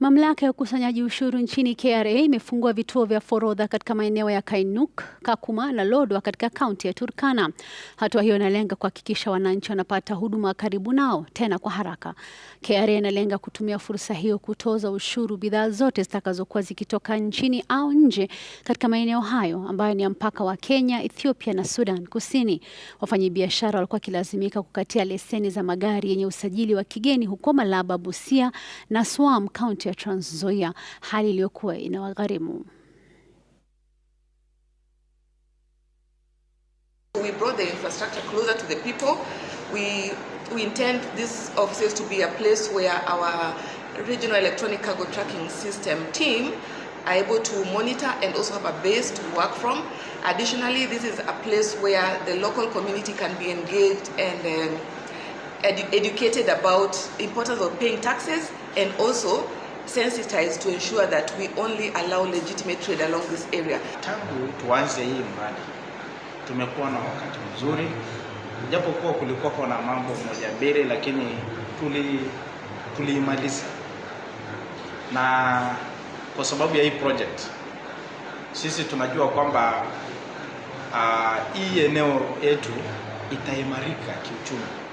Mamlaka ya ukusanyaji ushuru nchini KRA imefungua vituo vya forodha katika maeneo ya Kainuk, Kakuma na Lodwar katika kaunti ya Turkana. Hatua hiyo inalenga kuhakikisha wananchi wanapata huduma karibu nao tena kwa haraka. KRA inalenga kutumia fursa hiyo kutoza ushuru bidhaa zote zitakazokuwa zikitoka nchini au nje katika maeneo hayo ambayo ni ya mpaka wa Kenya, Ethiopia na Sudan Kusini. Wafanyabiashara walikuwa wakilazimika kukatia leseni za magari yenye usajili wa kigeni huko Malaba, Busia na Swam, kaunti ya Trans Nzoia, hali iliyokuwa inawagharimu. We brought the infrastructure closer to the people. We, we intend these offices to be a place where our regional electronic cargo tracking system team are able to monitor and also have a base to work from. Additionally, this is a place where the local community can be engaged and um, edu educated about importance of paying taxes and also sensitized to ensure that we only allow legitimate trade along this area. Tangu tuanze hii mradi tumekuwa na wakati mzuri, japokuwa kulikuwa na mambo moja mbili, lakini tuliimaliza na kwa sababu ya hii project sisi tunajua kwamba uh, hii eneo yetu itaimarika kiuchumi.